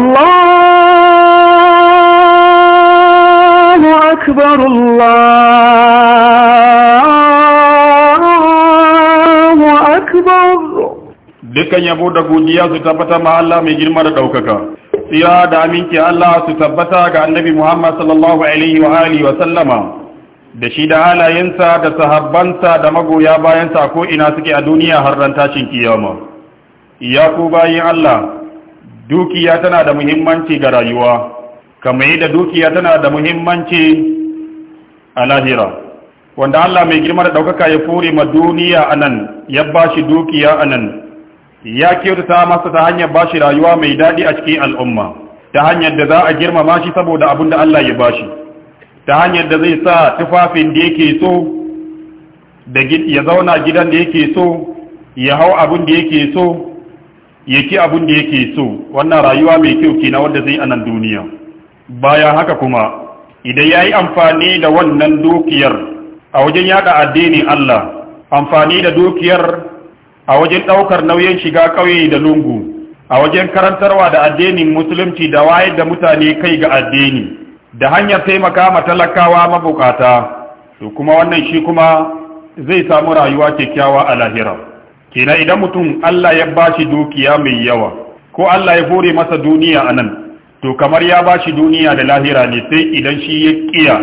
الله أكبر الله أكبر dukkan yabo da godiya su tabbatar ma Allah mai girma da ɗaukaka tsira da aminci Allah su tabbata ga annabi Muhammad sallallahu da shi da halayensa da sahabbansa da magoya bayansa ko ina suke a duniya har ran tashin kiyama ya ku bayin Allah dukiya tana da muhimmanci ga rayuwa kamar yadda dukiya tana da muhimmanci a lahira wanda Allah mai girma da ɗaukaka ya fure ma duniya anan ya ba shi dukiya anan, ya kyautata masa ta hanyar ba shi rayuwa mai daɗi a cikin al'umma ta hanyar da za a girmama shi saboda abin da Allah ya ba shi ta hanyar da zai sa tufafin da yake so ya zauna gidan da yake so ya hau abin da yake so yake abin da yake so wannan rayuwa mai kyau kina wanda zai a nan duniya Baya haka kuma idan ya yi amfani da wannan dukiyar a wajen yada addinin Allah amfani da dukiyar a wajen ɗaukar nauyin shiga ƙauye da lungu a wajen karantarwa da addinin musulunci da wayar da mutane kai ga addini da hanyar taimaka ma talakawa mabukata to kuma wannan shi kuma zai samu rayuwa kyakkyawa a lahira kenan idan mutum Allah ya ba shi dukiya mai yawa ko Allah ya hore masa duniya a nan, to kamar ya bashi duniya da lahira ne sai idan shi ya kiya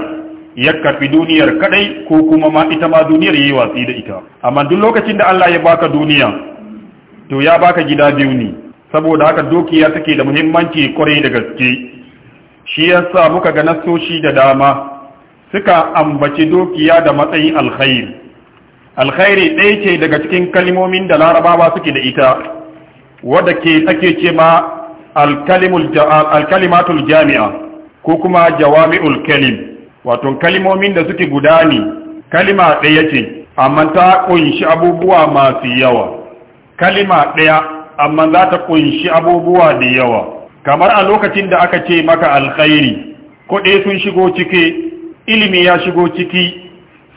ya karfi duniyar kadai ko kuma ma ita ma duniyar yayi watsi da ita amma duk lokacin da Allah ya baka duniya to ya baka gida biyu ne saboda haka dukiya take da muhimmanci kwarai da gaske shi yasa muka ga nasoshi da dama suka ambaci dukiya da matsayin alkhairi alkhairi ɗaya ce daga cikin kalimomin da larabawa suke da ita wadda ke ake ce ma alkalimatul jami'a ko kuma jawami'ul kalim wato kalimomin da suke guda ne kalima ɗaya ce amma ta ƙunshi abubuwa masu yawa kalima ɗaya amma za ta ƙunshi abubuwa da yawa kamar a lokacin da aka ce maka alkhairi kuɗi sun shigo ciki ilimi ya shigo ciki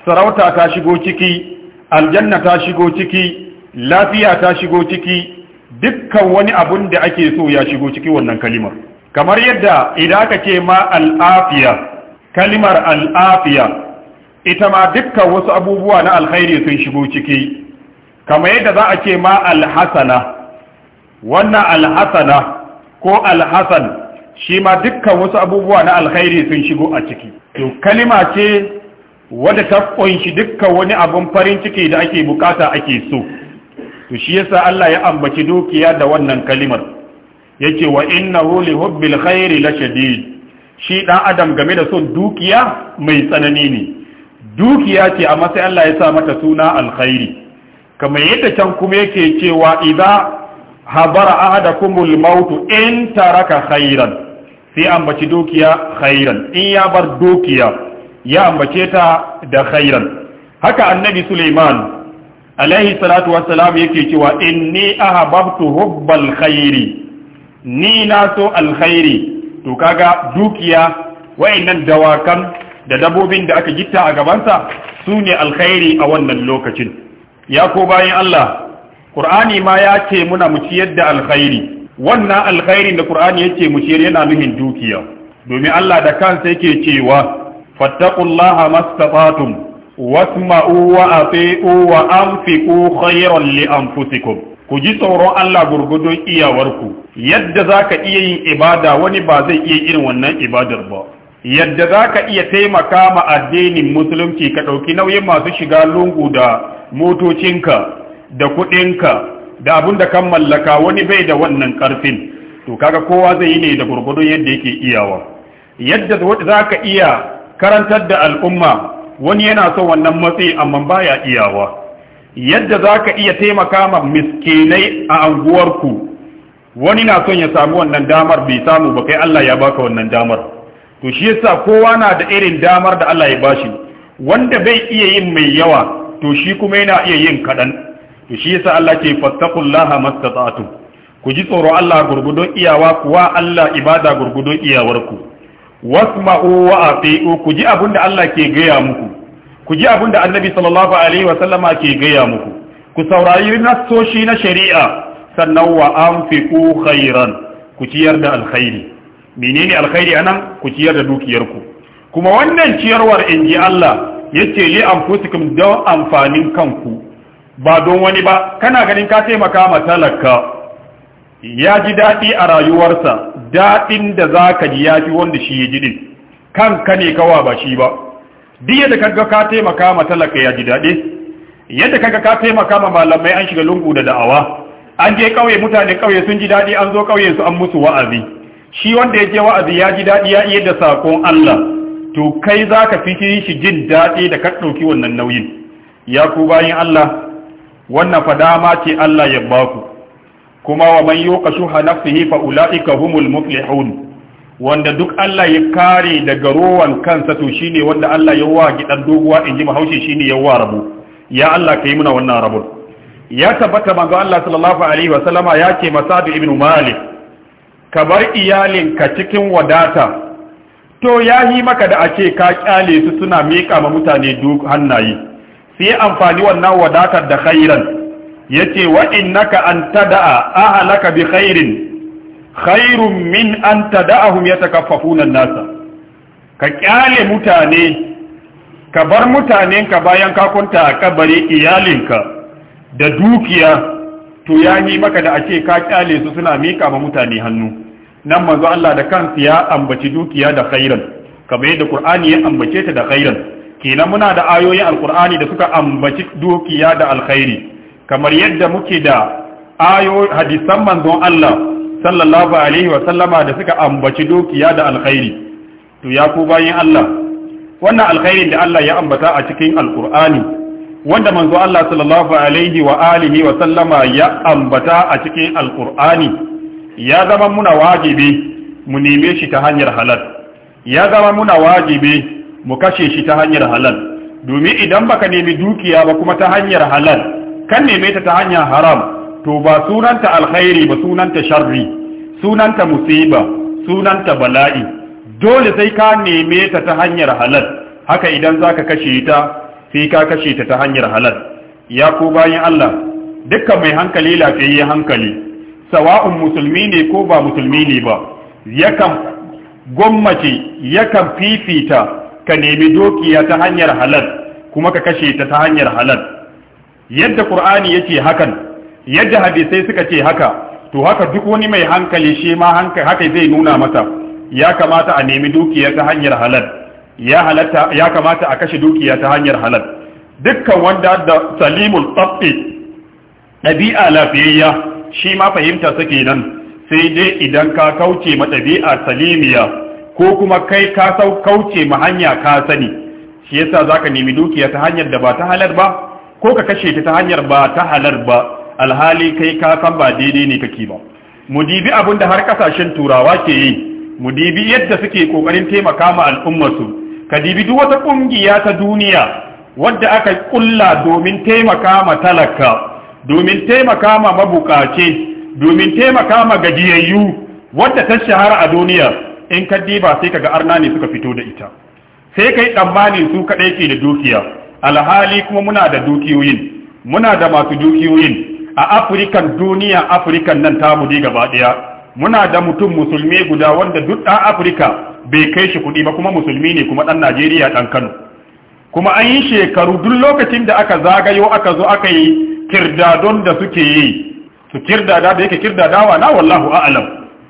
sarauta ta shigo ciki aljanna ta shigo ciki lafiya ta shigo ciki dukkan wani abun da ake so ya shigo ciki wannan kalimar kamar yadda idan aka ce ma al'afiya kalimar al'afiya ita ma dukkan wasu abubuwa na alkhairi sun shigo ciki kamar yadda za a ce ma alhasana wannan alhasana ko alhasan shi ma dukkan wasu abubuwa na alkhairi sun shigo a ciki to kalima ce wadda ta kunshi dukka wani abun farin ciki da ake bukata ake so to shi yasa Allah ya ambaci dukiya da wannan kalimar yake wa innahu li hubbil khairi la shadid shi dan adam game da son dukiya mai tsanani ne dukiya ce amma sai Allah ya sa mata suna alkhairi kamar yadda can kuma yake cewa idza habara ahadakumul maut in taraka khairan sai ambaci dukiya khairan in ya bar dukiya ya ambace ta da khairan haka annabi Suleiman alaihi salatu wassalam yake cewa inni ahabbtu hubbal khairi ni na so alkhairi to kaga dukiya wayannan dawakan da dabobin da aka gitta a gabansa su ne alkhairi a wannan lokacin ya ko bayan Allah Qur'ani ma ya ce muna mu ciyar da alkhairi wannan alkhairin da Qur'ani yake mu ciyar yana nuhin dukiya domin Allah da kansa yake cewa fattaqullaha mastata'tum wasma'u wa ati'u wa anfiqu khayran li anfusikum ku ji tsoron Allah gurgudun iyawarku yadda zaka iya yin ibada wani ba zai iya irin wannan ibadar ba yadda zaka iya taimaka ma addinin musulunci ka ɗauki nauyin masu shiga lungu da motocinka da kuɗinka da abin da kan mallaka wani bai da wannan ƙarfin to kaga kowa zai yi ne da gurgudun yadda yake iyawa yadda za ka iya karantar da al'umma wani yana so wannan matsi amma baya iyawa yadda za ka iya taimaka ma miskinai a anguwarku wani na son ya samu wannan damar bai samu ba kai Allah ya baka wannan damar to shi yasa kowa na da irin damar da Allah ya bashi wanda bai iya yin mai yawa to shi kuma yana iya yin kadan to shi yasa Allah ke fattakullaha mastata'tum ku ji tsoro Allah gurgudon iyawa kuwa Allah ibada gurgudon iyawarku wasma'u wa ati'u ku ji abinda Allah ke gaya muku ku ji abinda Annabi sallallahu alaihi wa sallama ke gaya muku ku saurari nassoshi na shari'a sannan wa anfiqu khairan ku ciyar da alkhairi menene alkhairi anan ku ciyar da dukiyarku kuma wannan ciyarwar inji Allah yace li anfusikum don amfanin kanku ba don wani ba kana ganin ka taimaka ma talaka ya ji daɗi a rayuwarsa daɗin da za ka ji ya fi wanda shi ya ji ɗin ka ne kawa ba shi ba duk yadda kaga ka taimaka ma talaka ya ji daɗi yadda kaga ka taimaka ma malamai an shiga lungu da da'awa an je ƙauye mutane ƙauye sun ji daɗi an zo ƙauye su an musu wa'azi shi wanda ya je wa'azi ya ji daɗi ya iya da sakon Allah to kai za ka fi shi jin daɗi da ka ɗauki wannan nauyin ya ku bayan Allah wannan ma ce Allah ya baku kuma wa man yuqa shuha nafsihi fa ulaika humul muflihun wanda duk Allah ya kare daga rowan kansa to shine wanda Allah ya wa gidan doguwa inji mahaushi shine ya wa rabu ya Allah kai muna wannan rabon ya tabbata manzo Allah sallallahu alaihi wa sallama ya ce masadu ibn malik ka bar iyalinka cikin wadata to ya yi maka da a ce ka kyale su suna miƙa ma mutane duk hannaye sai amfani wannan wadatar da khairan yace wa innaka an tada'a ahlaka bi khairin khairun min an tada'ahum yatakaffafuna an-nasa ka kyale mutane ka bar mutanenka bayan ka kunta a kabari iyalinka da dukiya to ya yi maka da ake ka kyale su suna mika ma mutane hannu nan manzo Allah da kansa ya ambaci dukiya da khairan kamar yadda Qur'ani ya ambace ta da khairan kenan muna da ayoyin alkur'ani da suka ambaci dukiya da alkhairi kamar yadda muke da ayo hadisan manzon Allah sallallahu alaihi wa sallama da suka ambaci dukiya da alkhairi to ya ku bayin Allah wannan alkhairin da Allah ya ambata a cikin alqur'ani wanda manzo Allah sallallahu alaihi wa alihi wa sallama ya ambata a cikin alqur'ani ya zama muna wajibi mu neme shi ta hanyar halal ya zama muna wajibi mu kashe shi ta hanyar halal domin idan baka nemi dukiya ba kuma ta hanyar halal kan neme ta ta hanyar haram to ba sunanta alkhairi ba sunanta sharri sunanta musiba sunanta bala'i dole sai ka neme ta ta hanyar halal haka idan zaka kashe ta sai ka kashe ta ta hanyar halal ya ko bayan Allah dukkan mai hankali lafiyayye hankali sawa'un musulmi ne ko ba musulmi ne ba yakan gwammace yakan fifita ka nemi dokiya ta hanyar halal kuma ka kashe ta ta hanyar halal yadda qur'ani yake hakan yadda hadisai suka ce haka to haka duk wani mai hankali shi ma haka zai nuna mata ya kamata a nemi dukiya ta hanyar halal ya halatta ya kamata a kashe dukiya ta hanyar halal dukkan wanda da salimul tafi ɗabi'a lafiyayya shi ma fahimta suke nan sai dai idan ka kauce ma dabi'a salimiya ko kuma kai ka sau kauce ma hanya ka sani shi yasa zaka nemi dukiya ta hanyar da ba ta halar ba ko ka kashe ta ta hanyar ba ta halar ba alhali kai ka san ba daidai ne kake ba mu dibi abin da har kasashen turawa ke yi mu dibi yadda suke kokarin taimaka ma al'ummarsu ka dibi duk wata kungiya ta duniya wadda aka kulla domin taimaka ma talaka domin taimaka ma mabukace domin taimaka ma gajiyayyu wadda ta shahara a duniya in ka diba sai kaga arna ne suka fito da ita sai kai tsammanin su kaɗai ke da dukiya alhali kuma muna da dukiyoyin muna da masu dukiyoyin a afirikan duniya afirikan nan ta ne gaba daya muna da mutum musulmi guda wanda duk ɗan afirika bai kai shi kuɗi ba kuma musulmi ne kuma ɗan najeriya dan kano kuma an yi shekaru duk lokacin da aka zagayo aka zo aka yi kirdadon da suke yi su kirdada da yake kirdadawa na wallahu a'lam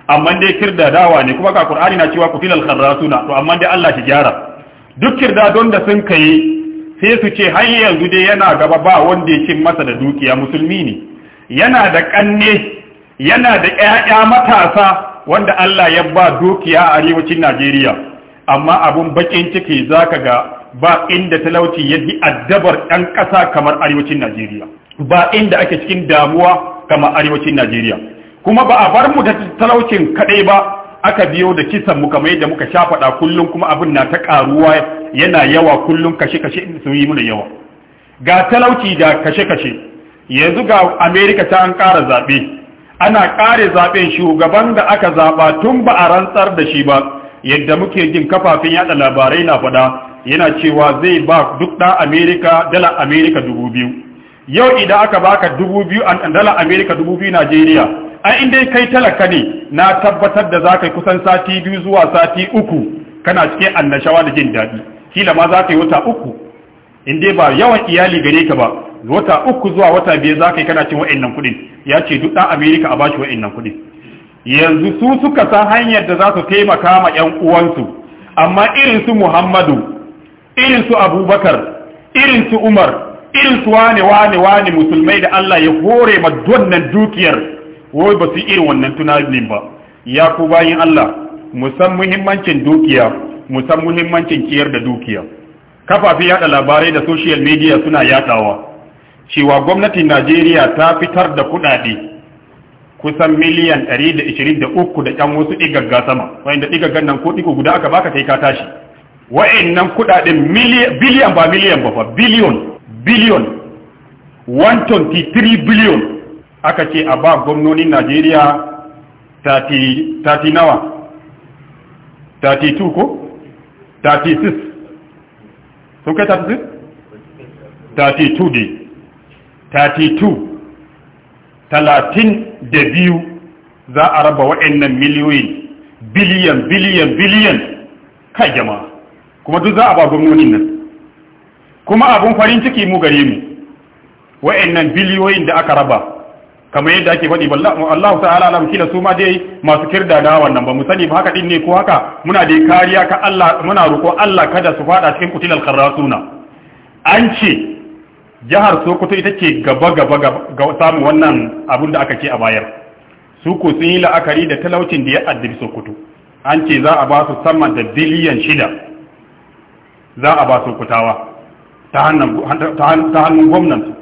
amma dai kirdadawa ne kuma ga qur'ani na cewa kutilal kharrasuna to amma dai Allah shi gyara duk kirdadon da sun kai sai su ce har yanzu dai yana gaba ba wanda ya cin masa da dukiya musulmi ne yana da ƙanne, yana da ƴaƴa matasa wanda Allah ya ba dukiya a arewacin Najeriya amma abun bakin ciki zaka ga ba inda talauci ya bi addabar ɗan ƙasa kamar arewacin Najeriya ba inda ake cikin damuwa kamar arewacin Najeriya kuma ba a bar mu da talaucin kaɗai ba aka biyo da kisan mu kamar yadda muka sha faɗa kullum kuma abin na ta ƙaruwa yana yawa kullum kashe kashe sun yi mana yawa ga talauci da kashe kashe yanzu ga Amerika ta an ƙara zaɓe ana ƙare zaɓen shugaban da aka zaɓa tun ba a rantsar da shi ba yadda muke jin kafafen yaɗa labarai na faɗa yana cewa zai ba duk ɗan amerika dala amerika dubu biyu yau idan aka baka dubu biyu dala amerika dubu biyu najeriya ai in dai kai talaka ne na tabbatar da za ka yi kusan sati biyu zuwa sati uku kana cikin annashawa da jin daɗi kila ma za ka yi wata uku in ba yawan iyali gare ka ba wata uku zuwa wata biyar za ka yi kana cin nan kuɗin ya ce duk ɗan amerika a bashi nan kuɗin yanzu su suka san hanyar da za su taimaka ma ƴan uwansu amma irin su muhammadu irin su abubakar irin su umar irin su wane wane wane musulmai da allah ya hore ma dukiyar wai ba su irin wannan tunanin ba ya ku bayin Allah san muhimmancin dukiya san muhimmancin ciyar da dukiya kafafi yada labarai da social media suna yadawa cewa gwamnatin Najeriya ta fitar da kudade kusan miliyan 123 da kan wasu igagga sama wanda igaggan nan ko diko guda aka baka kai ka tashi wa'annan kudaden biliyan ba miliyan ba fa biliyon biliyon 123 biliyon aka ce a ba gwamnonin najeriya tati nawa ko 36 sun kai 36? 32 dai 32 de talatin da biyu za a raba waɗannan miliyoyin biliyan biliyan biliyan kai jama'a kuma duk za a ba gwamnonin nan kuma abun farin ciki mu gare mu waɗannan biliyoyin da aka raba kamar yadda ake faɗi Allah ta'ala alam kila su ma dai masu kirda da wannan ba mu sani ba haka din ne ko haka muna dai kariya ka Allah muna roƙo Allah kada su faɗa cikin kutilal kharasuna an ce jihar Sokoto ita ce gaba gaba ga samu wannan abin da aka ce a bayar su ko sun yi la'akari da talaucin da ya addabi Sokoto an ce za a ba su sama da biliyan shida za a ba kutawa ta hannun gwamnati.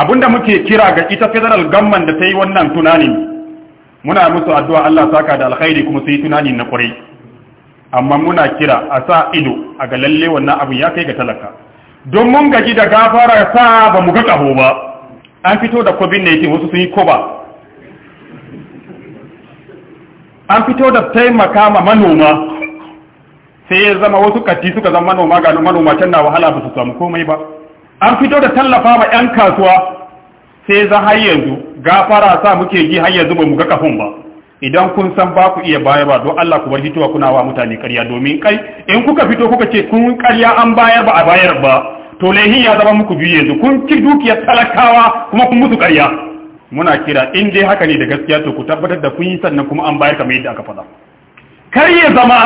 abinda muke kira ga ita federal gamman da ta yi wannan tunanin muna musu addu'a Allah saka da alkhairi kuma su yi tunani na kwarai amma muna kira a sa ido a ga lalle wannan abin ya kai ga talaka don mun gaji da gafara sa ba mu ga kaho ba an fito da covid 19 wasu sun yi koba an fito da taimaka ma manoma sai ya zama wasu kati suka zama manoma ga manoma can na wahala ba su samu komai ba an fito da tallafa ma 'yan kasuwa sai za har yanzu gafara sa muke ji har yanzu ba mu ga kafin ba idan kun san ba ku iya baya ba don Allah ku bar fitowa kuna wa mutane karya domin kai in kuka fito kuka ce kun karya an bayar ba a bayar ba to lehin ya zama muku biyu yanzu kun ci dukiyar talakawa kuma kun mutu karya muna kira in dai haka ne da gaskiya to ku tabbatar da kun yi sannan kuma an bayar kamar yadda aka faɗa kar ya zama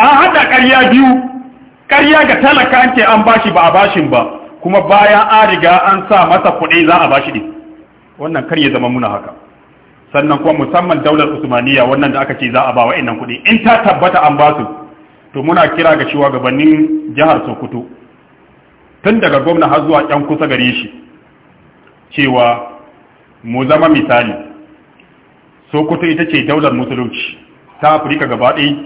an haɗa karya biyu ƙarya ga talaka an ce an bashi ba a bashin ba kuma bayan an riga an sa masa kuɗi za a bashi ɗin wannan kar ya zama muna haka sannan kuma musamman daular Usmaniyya wannan da aka ce za a ba wa innan kuɗi in ta tabbata an ba su to muna kira ga cewa gabanin jihar sokoto tun daga gwamna har zuwa ƴan kusa gare shi cewa mu zama misali sokoto ita ce daular musulunci ta afirka gaba ɗaya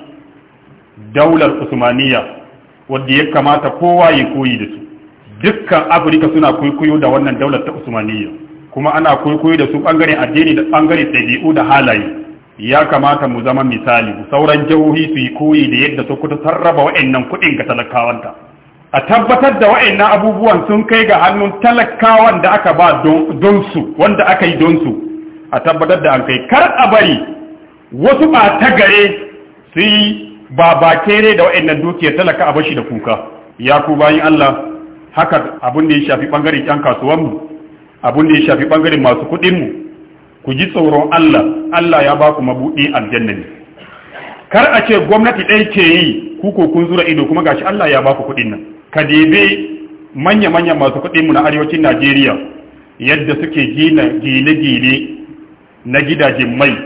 daular Usmaniyya. wanda ya kamata kowa ya koyi da su dukkan afirka suna kwaikwayo da wannan daular ta usmaniyya kuma ana kwaikwayo da su bangare addini da bangare ɗabi'u da halaye ya kamata mu zama misali sauran jihohi su yi koyi da yadda su kuta sarrafa wa'annan kuɗin ga talakawanta a tabbatar da wa'annan abubuwan sun kai ga hannun talakawan da aka ba don su wanda aka yi don su a tabbatar da an kai kar a bari wasu ba ta gare su yi ba ba kere da wa'annan dukiyar talaka a bashi da kuka ya ku bayan Allah haka abin da ya shafi bangaren yan kasuwanmu, mu abin da ya shafi bangaren masu kuɗinmu, ku ji tsoron Allah Allah ya ba ku mabuɗi aljanna ne kar a ce gwamnati ɗaya ke yi ku kun zura ido kuma gashi Allah ya ba ku kuɗin nan ka debe manya manya masu kuɗinmu na arewacin Najeriya yadda suke gina gine gine na gidajen mai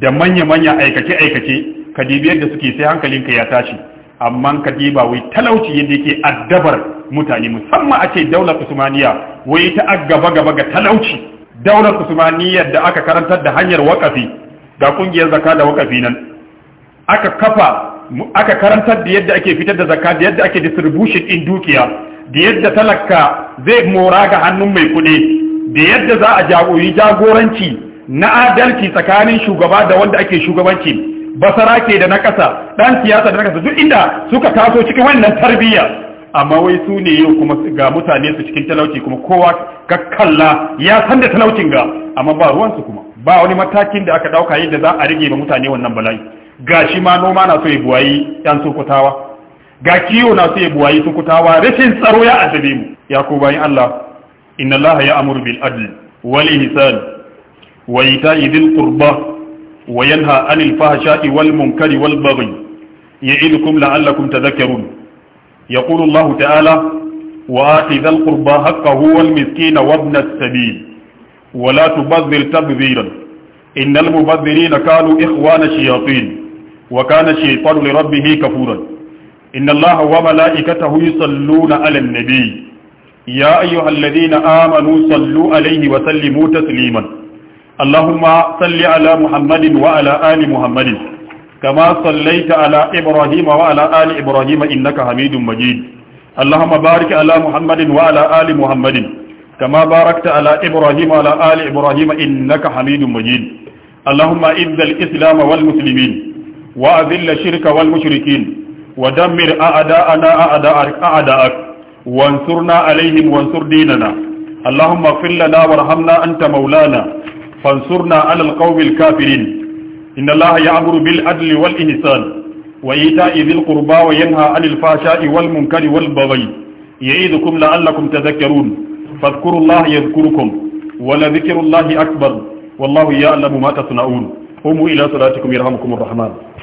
da manya manya aikace aikace ka dibi yadda suke sai hankalinka ya tashi amma ka diba wai talauci yadda yake addabar mutane musamman a ce daular usmaniya wai ta gaba gaba ga talauci daular usmaniya da aka karantar da hanyar wakafi ga kungiyar zaka da wakafi nan aka kafa aka karantar da yadda ake fitar da zakka da yadda ake distribution in dukiya da yadda talaka zai mora ga hannun mai kuɗi da yadda za a jagoyi jagoranci na adalci tsakanin shugaba da wanda ake shugabanci basara ke da na ƙasa ɗan siyasa da na ƙasa duk inda suka taso cikin wannan tarbiyya amma wai su ne yau kuma ga mutane su cikin talauci kuma kowa ga kalla ya san da talaucin ga amma ba ruwansu kuma ba wani matakin da aka ɗauka yadda za a rage ba mutane wannan bala'i ga shi ma noma na so ya buwayi ɗan sokotawa ga kiwo na so ya buwayi sokotawa rashin tsaro ya addabe mu ya ko bayan Allah inna Allah ya amuru bil adl wal ihsan wa ita'i dhil qurba وينهى عن الفحشاء والمنكر والبغي يعظكم لعلكم تذكرون يقول الله تعالى وآتي ذا القربى حقه والمسكين وابن السبيل ولا تبذر تبذيرا إن المبذرين كانوا إخوان الشياطين وكان الشيطان لربه كفورا إن الله وملائكته يصلون على النبي يا أيها الذين آمنوا صلوا عليه وسلموا تسليما اللهم صل على محمد وعلى آل محمد كما صليت على إبراهيم وعلى آل إبراهيم إنك حميد مجيد اللهم بارك على محمد وعلى آل محمد كما باركت على إبراهيم وعلى آل إبراهيم إنك حميد مجيد اللهم إذ الإسلام والمسلمين وأذل الشرك والمشركين ودمر أعداءنا أعداءك وانصرنا عليهم وانصر ديننا اللهم اغفر لنا وارحمنا أنت مولانا فانصرنا على القوم الكافرين إن الله يأمر بالعدل والإحسان وإيتاء ذي القربى وينهى عن الفحشاء والمنكر والبغي يعظكم لعلكم تذكرون فاذكروا الله يذكركم ولذكر الله أكبر والله يعلم ما تصنعون قوموا إلى صلاتكم يرحمكم الرحمن